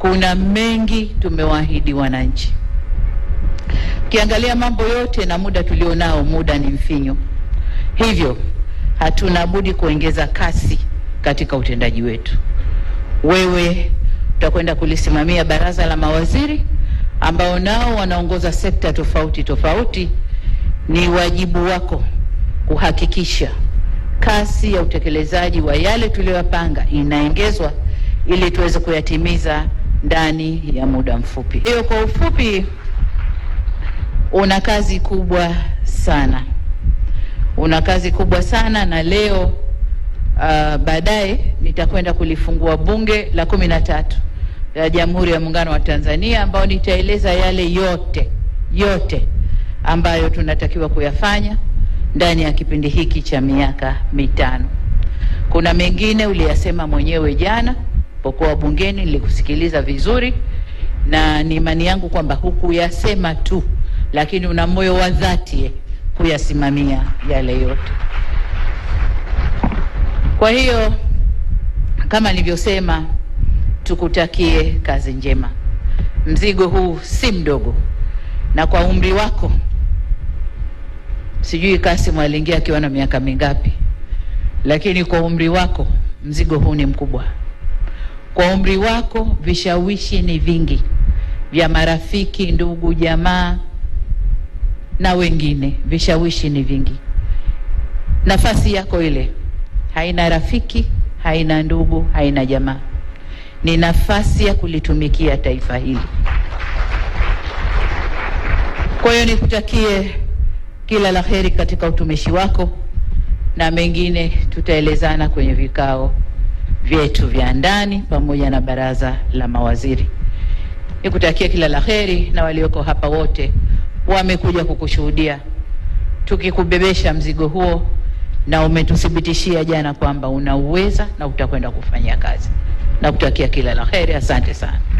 Kuna mengi tumewaahidi wananchi. Ukiangalia mambo yote na muda tulionao, muda ni mfinyo, hivyo hatuna budi kuongeza kasi katika utendaji wetu. Wewe utakwenda kulisimamia baraza la mawaziri ambao nao wanaongoza sekta tofauti tofauti. Ni wajibu wako kuhakikisha kasi ya utekelezaji wa yale tuliyopanga inaongezwa ili tuweze kuyatimiza ndani ya muda mfupi. Hiyo kwa ufupi, una kazi kubwa sana, una kazi kubwa sana na leo uh, baadaye nitakwenda kulifungua bunge la kumi na tatu la Jamhuri ya Muungano wa Tanzania, ambao nitaeleza yale yote yote ambayo tunatakiwa kuyafanya ndani ya kipindi hiki cha miaka mitano. Kuna mengine uliyasema mwenyewe jana. Pokuwa bungeni nilikusikiliza vizuri, na ni imani yangu kwamba hukuyasema tu, lakini una moyo wa dhati kuyasimamia yale yote. Kwa hiyo kama nilivyosema, tukutakie kazi njema. Mzigo huu si mdogo, na kwa umri wako, sijui Kassim aliingia akiwa na miaka mingapi, lakini kwa umri wako mzigo huu ni mkubwa. Kwa umri wako, vishawishi ni vingi vya marafiki, ndugu, jamaa na wengine, vishawishi ni vingi. Nafasi yako ile haina rafiki, haina ndugu, haina jamaa, ni nafasi ya kulitumikia taifa hili. Kwa hiyo nikutakie kila la heri katika utumishi wako, na mengine tutaelezana kwenye vikao vyetu vya ndani pamoja na baraza la mawaziri. Nikutakia kila la heri, na walioko hapa wote wamekuja kukushuhudia tukikubebesha mzigo huo, na umetuthibitishia jana kwamba unauweza na utakwenda kufanya kazi. Nakutakia kila la heri, asante sana.